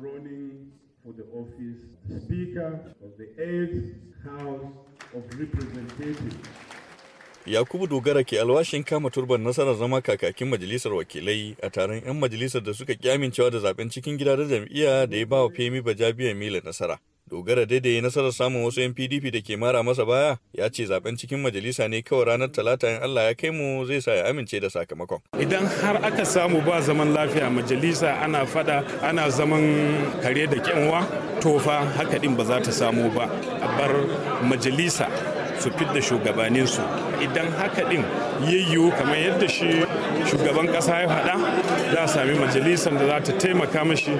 running for the office, Speaker of the Eighth House of Representatives. Yakubu Dogara ke alwashin kama turban nasarar zama kakakin majalisar wakilai a taron 'yan majalisar da suka kyamincewa da zaben cikin gida da jam'iyya da ya ba wa Femi Bajabiya Mila nasara. dogara daidai nasarar samun wasu 'yan pdp da ke mara masa baya ya ce zaben cikin majalisa ne kawai ranar talata in allah ya kai mu zai sa ya amince da sakamakon idan har aka samu ba zaman lafiya majalisa ana fada ana zaman kare da kyanwa tofa haka din ba za ta samu ba a bar majalisa su da shugabaninsu idan haka din yayyu kamar yadda shi shugaban ƙasa ya faɗa za a sami majalisar da za ta taimaka mashi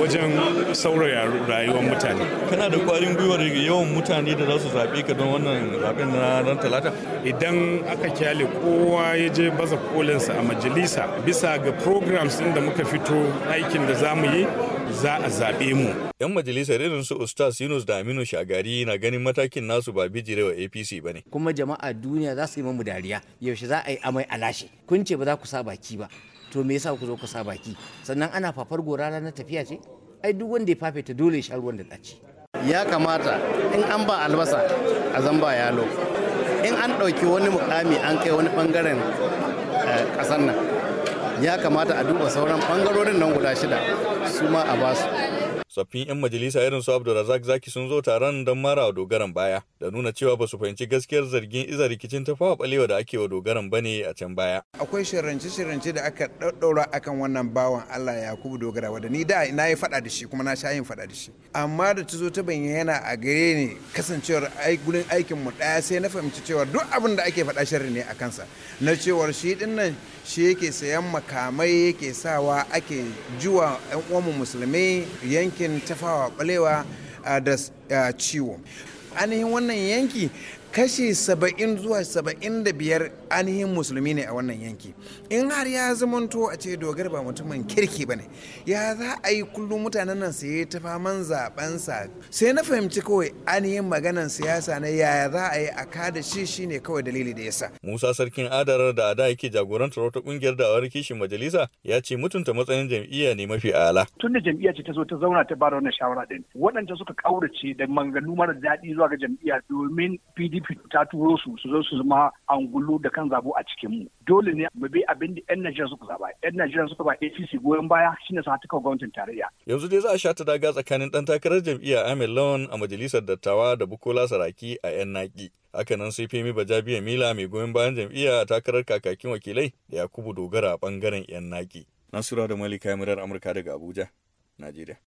wajen sauraya rayuwar mutane kana da ƙwarin gwiwar yawan mutane da za su zaɓe ka don wannan zaɓen na ran talata idan aka kyale kowa ya je baza kolinsa a majalisa bisa ga programs inda da muka fito aikin da za mu yi za a zaɓe mu. 'Yan majalisar irin su Ustaz Yunus da Aminu Shagari na ganin matakin nasu ba wa APC ba ne. Kuma jama'a duniya za su yi mamu dariya yaushe za a yi amai a lashe. Kun ce ba za ku sa baki ba. To me yasa ku zo ku sa baki? Sannan ana fafar gorara na tafiya ce? Ai duk wanda ya fafe ta dole ya sha ruwan da tsaci. Ya kamata in an ba albasa a zamba ba yalo. In an ɗauki wani mukami an kai wani ɓangaren eh, ƙasar nan. ya kamata a duba sauran bangarorin nan guda shida su ma a basu tsaffin 'yan majalisa irin su Abdulrazak Zaki sun zo taron don mara wa dogaran baya da nuna cewa ba su fahimci gaskiyar zargin iza rikicin ta tafawa balewa da ake wa dogaran bane a can baya. Akwai shirance-shirance da aka ɗaɗɗaura akan wannan bawan Allah Yakubu Dogara da ni da na yi faɗa da shi kuma na sha yin faɗa da shi. Amma da ta zo ta bayyana a gare ni kasancewar gurin aikin mu ɗaya sai na fahimci cewa duk abin da ake faɗa sharri ne a kansa. Na cewar shi ɗin nan shi yake sayan makamai yake sawa ake juwa 'yan uwanmu musulmai yankin yankin tafawa balewa ah, da ah, ciwo ainihin wannan yanki kashi saba'in zuwa saba'in da biyar ainihin musulmi ne a wannan yanki in har ya zamanto a ce dogar ba mutumin kirki ba ne ya za a yi kullum mutanen nan su ta faman sa sai na fahimci kawai ainihin maganar siyasa na yaya za a yi a kada shi shi ne kawai dalili da yasa musa sarkin adarar da ada yake jagorantar wata kungiyar da awar kishin majalisa ya ce mutunta matsayin jam'iyya ne mafi ala tun da jam'iyya ce ta zo ta zauna ta ba da wannan shawara din waɗanda suka kaurace da manganu mara daɗi zuwa ga jam'iyya domin pdp ta turo su su zo su zama angulu da kan zabo a cikin mu dole ne mu bi abin da yan Najeriya suka zaba yan Najeriya suka ba APC goyon baya shine sa ta gwamnatin tarayya yanzu dai za a sha ta daga tsakanin dan takarar jam'iyyar Ahmed Lawan a majalisar dattawa da Bukola Saraki a yan naki hakanan sai Femi Bajabiya Mila mai goyon bayan jam'iyya a takarar kakakin wakilai da Yakubu Dogara a bangaren yan naki Nasura da Malika Yamirar Amurka daga Abuja Najeriya